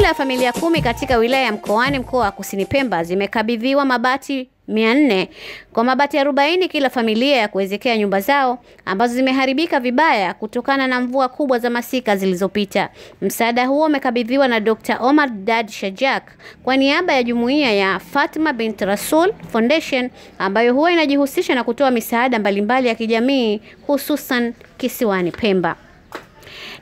Jumla ya familia kumi katika wilaya ya Mkoani mkoa wa Kusini Pemba zimekabidhiwa mabati 400 kwa mabati 40 kila familia ya kuwezekea nyumba zao ambazo zimeharibika vibaya kutokana na mvua kubwa za masika zilizopita. Msaada huo umekabidhiwa na Dr. Omar Dad Shajak kwa niaba ya jumuiya ya Fatma Bint Rasul Foundation ambayo huwa inajihusisha na kutoa misaada mbalimbali ya kijamii hususan kisiwani Pemba.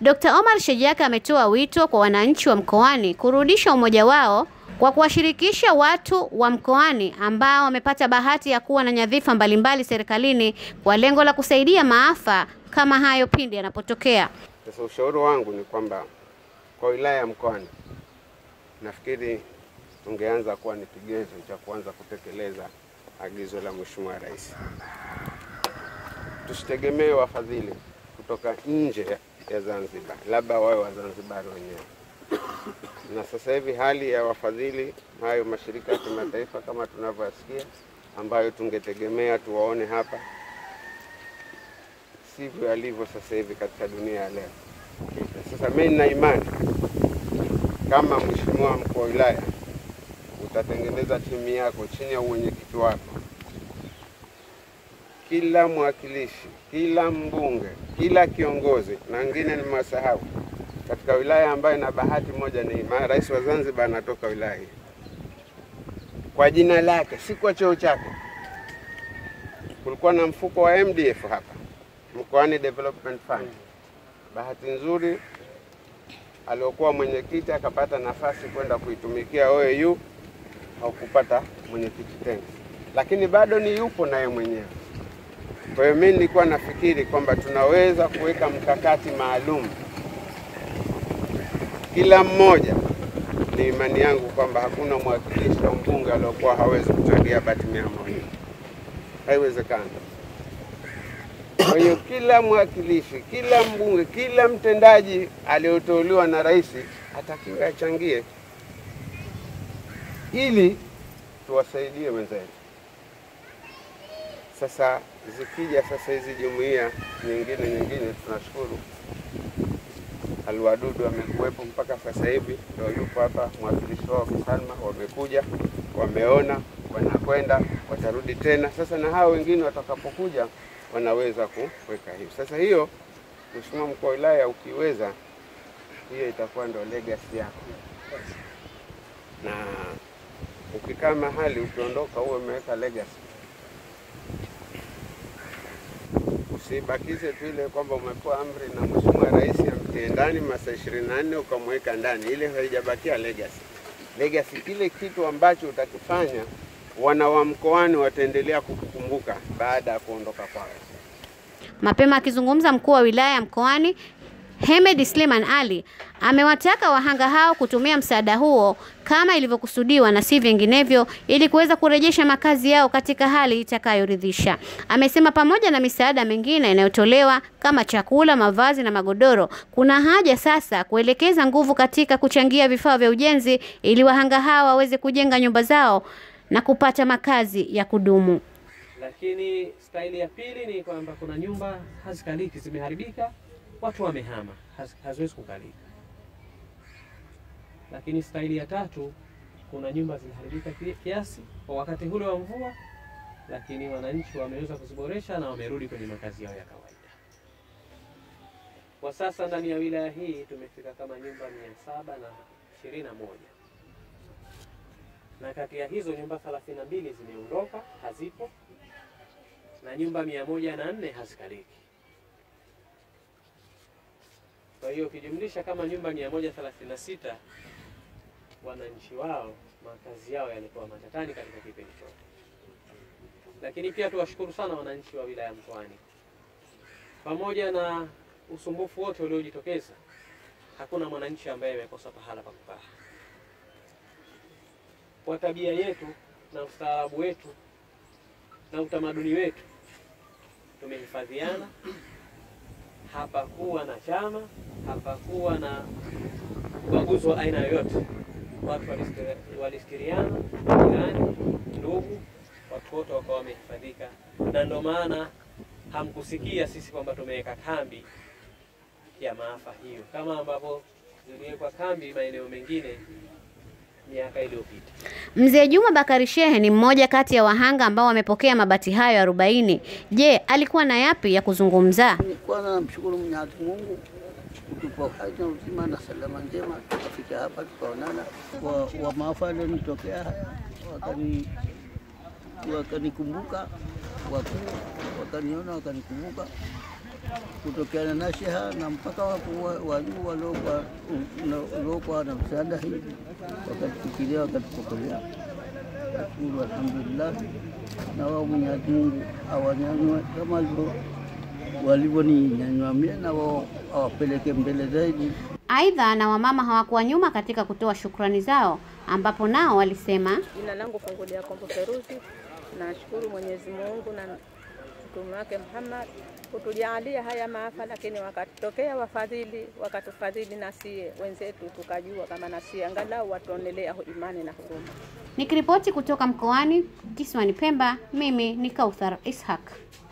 Dr. Omar Shejaka ametoa wito kwa wananchi wa mkoani kurudisha umoja wao kwa kuwashirikisha watu wa mkoani ambao wamepata bahati ya kuwa na nyadhifa mbalimbali serikalini kwa lengo la kusaidia maafa kama hayo pindi yanapotokea. Sasa ushauri wangu ni kwamba kwa wilaya ya Mkoani nafikiri tungeanza kuwa ni kigezo cha kuanza kutekeleza agizo la Mheshimiwa Rais. Tusitegemee wafadhili kutoka nje ya Zanzibar, labda wawe Wazanzibari wenyewe. Na sasa hivi hali ya wafadhili hayo mashirika ya kimataifa kama tunavyoyasikia, ambayo tungetegemea tuwaone hapa, sivyo alivyo sasa hivi katika dunia ya leo. Sasa mimi nina imani kama mheshimiwa mkuu wa wilaya utatengeneza timu yako chini ya uwenyekiti wako kila mwakilishi, kila mbunge, kila kiongozi na wengine nimewasahau, katika wilaya ambayo na bahati moja ni rais wa Zanzibar anatoka wilaya hii kwa jina lake, si kwa cheo chake. Kulikuwa na mfuko wa MDF hapa Mkoani Development Fund. Bahati nzuri aliokuwa mwenyekiti akapata nafasi kwenda kuitumikia OAU, haukupata mwenyekiti tena, lakini bado ni yupo naye mwenyewe kwa hiyo mimi nilikuwa nafikiri kwamba tunaweza kuweka mkakati maalum, kila mmoja. Ni imani yangu kwamba hakuna mwakilishi wa mbunge aliokuwa hawezi kuchangia bati mia moja, haiwezekani. Kwa hiyo kila mwakilishi, kila mbunge, kila mtendaji aliyoteuliwa na rais atakiwa achangie, ili tuwasaidie wenzetu. Sasa zikija sasa hizi jumuiya nyingine nyingine, tunashukuru Alwadudu wamekuwepo mpaka sasa hivi, ndio yupo hapa mwakilishi wao Kisalma, wamekuja wameona, wanakwenda watarudi tena. Sasa na hao wengine watakapokuja wanaweza kuweka hivi. Sasa hiyo, Mheshimiwa mkuu wa wilaya, ukiweza hiyo itakuwa ndo legacy yako, na ukikaa mahali ukiondoka, uwe umeweka legacy. usibakize tu ile kwamba umepewa amri na mheshimiwa rais amtie ndani masaa ishirini na nne ukamweka ndani, ile haijabakia legacy. Legacy kile kitu ambacho utakifanya, wana wa mkoani wataendelea kukukumbuka baada ya kuondoka kwako. Mapema akizungumza mkuu wa wilaya ya Mkoani Hemed sliman Ali amewataka wahanga hao kutumia msaada huo kama ilivyokusudiwa na si vinginevyo, ili kuweza kurejesha makazi yao katika hali itakayoridhisha. Amesema pamoja na misaada mingine inayotolewa kama chakula, mavazi na magodoro, kuna haja sasa kuelekeza nguvu katika kuchangia vifaa vya ujenzi ili wahanga hao waweze kujenga nyumba zao na kupata makazi ya kudumu. Lakini staili ya pili ni kwamba kuna nyumba hazikaliki, zimeharibika watu wamehama, haziwezi kukalika. Lakini staili ya tatu, kuna nyumba zinaharibika kiasi kwa wakati hule wa mvua, lakini wananchi wameweza kuziboresha na wamerudi kwenye makazi yao ya kawaida. Kwa sasa ndani ya wilaya hii tumefika kama nyumba mia saba na ishirini na moja na kati ya hizo nyumba 32 zimeondoka, hazipo na nyumba mia moja na nne hazikaliki. Kwa hiyo ukijumlisha kama nyumba 136 wananchi wao makazi yao yalikuwa matatani katika kipindi chote. Lakini pia tuwashukuru sana wananchi wa wilaya Mkoani, pamoja na usumbufu wote uliojitokeza, hakuna mwananchi ambaye amekosa pahala pa kukaa. Kwa tabia yetu na ustaarabu wetu na utamaduni wetu tumehifadhiana hapakuwa na chama, hapakuwa na ubaguzi wa aina yoyote. Watu walisikiliana, jirani, ndugu, watu wote wakawa wamehifadhika, na ndio maana hamkusikia sisi kwamba tumeweka kambi ya maafa hiyo, kama ambapo ziliwekwa kambi maeneo mengine miaka iliyopita. Mzee Juma Bakari Shehe ni mmoja kati ya wahanga ambao wamepokea mabati hayo 40. Je, alikuwa na yapi ya kuzungumza? Kwanza namshukuru Mwenyezi Mungu kutupa hai na uzima na salama njema, tukafika hapa tukaonana. kwa wa maafa yalionitokea wakani wakanikumbuka wakuu wakaniona wakanikumbuka kutokana na sheha na mpaka wajuu waliokuwa na msaada hivi wakatufikiria wakatupokelea. Nashukuru alhamdulillah, na wao Mwenyezi Mungu awanyanywe kama walivyoninyanywa mie, na wao awapeleke mbele zaidi. Aidha, na wamama hawakuwa nyuma katika kutoa shukrani zao, ambapo nao walisema, jina langu Fungulia Kombo Feruzi, nashukuru Mwenyezi Mungu na mtume wake Muhammad kutujalia haya maafa, lakini wakatokea wafadhili wakatufadhili nasie wenzetu, tukajua kama nasie angalau watuonelea imani na huruma. Nikiripoti kutoka mkoani kisiwani Pemba, mimi ni Kauthar Ishak.